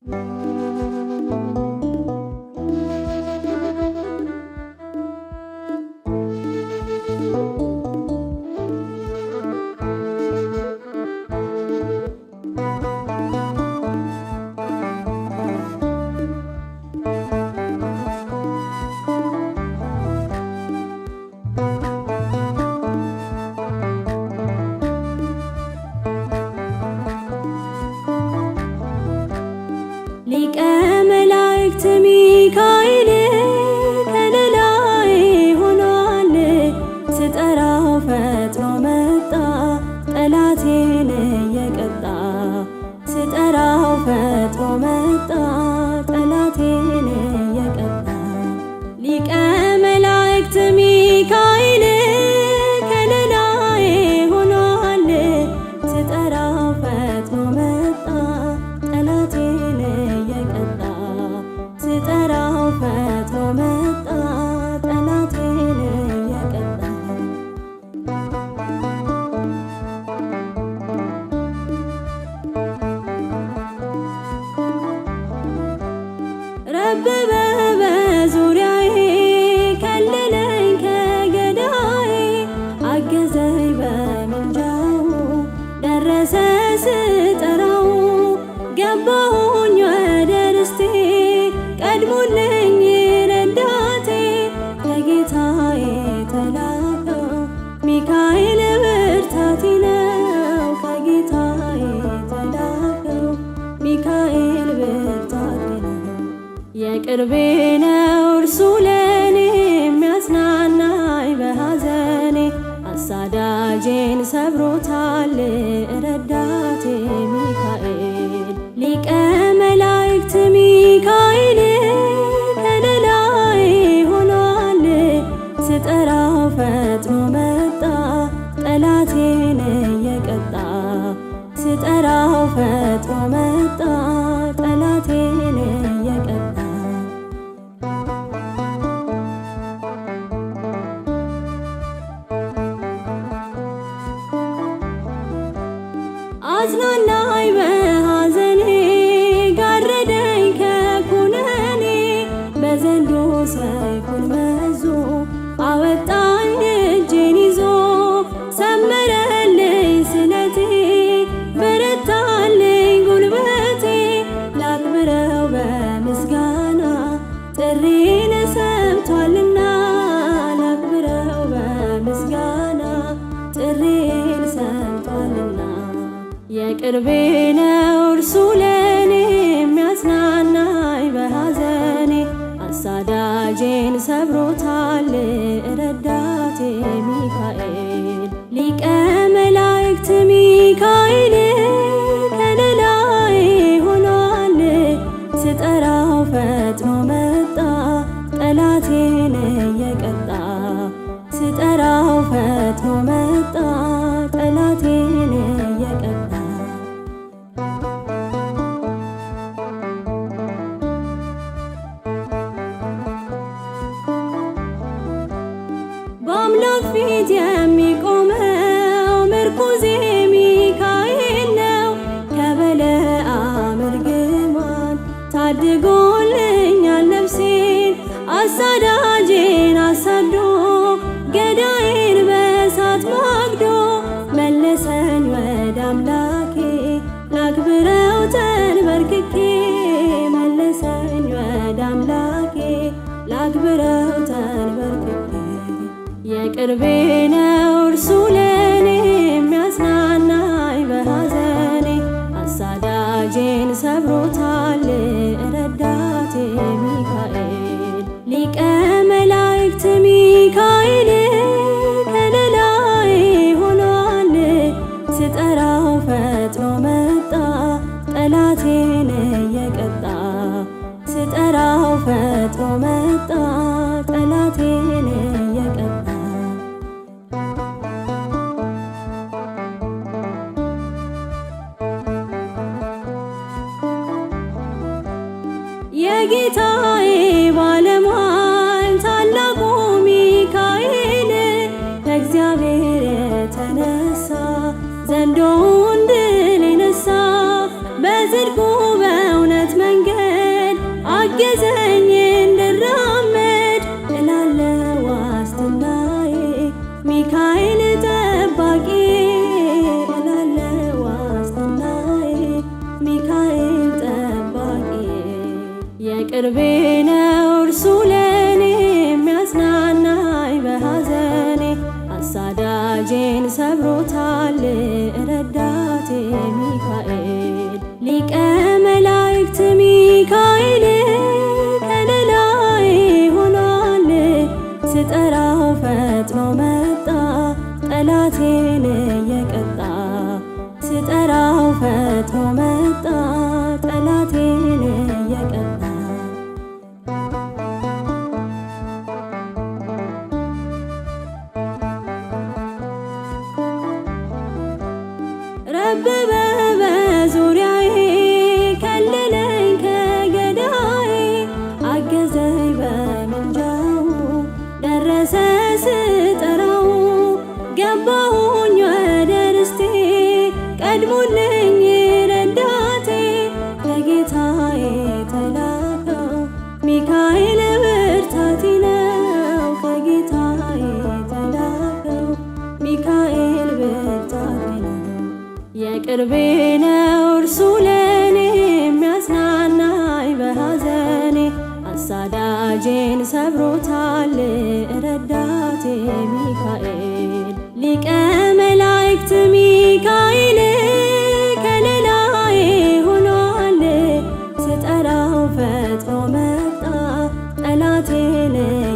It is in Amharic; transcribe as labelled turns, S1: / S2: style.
S1: Música To me. ከበበ በዙሪያዬ ከለለኝ ከገዳዬ አገዘኝ በምልጃው ደረሰ ስጠራው ገባሁኝ ወደ ርስቴ ቀድሞልኝ ቅርቤ ነው እርሱ ለኔ የሚያጽናናኝ በሐዘኔ አሳዳጄን ሰብሮታል ረዳቴ ሚካኤል ሊቀ መላእክት ሚካኤል ከለላይ ሆኗል ስጠራው ፈጥኖ መጣ ጠላቴን እየቀጣ ስጠራው ፈጥኖ አጽናናኝ በሐዘኔ ጋረደኝ ከኩነኔ በዘንዶ ሰይፉን መዞ አወጣኝ እጄን ይዞ ሰመረልኝ ስለቴ በረታልኝ ጉልበቴ ላክብረው በምስጋና ጥሪን ሰምቷልና ላክብረው በምስጋና ጥሪን ሰምቷልና የቅርቤ ነው እርሱ ለኔ የሚያጽናናኝ በሐዘኔ አሳዳጄን ሰብሮታል ረዳቴ ቅርቤ ነው እርሱ ሐዘኔ አሳዳጄን ሰብሮታል ረዳቴ ሚካኤል ሊቀ መላእክት ሚካኤል ከለላዬ ሆኗል ስጠራው ፈጥኖ መጣ ጠላቴን baby ቅርቤ ነው እርሱ ለኔ የሚያጽናናኝ በሐዘኔ አሳዳጄን ሰብሮታል ረዳቴ ሚካኤል ሊቀ መላእክት ሚካኤል ከሌላዬ ሆኗል ስጠራው ፈጥኖ መጣ ጠላቴን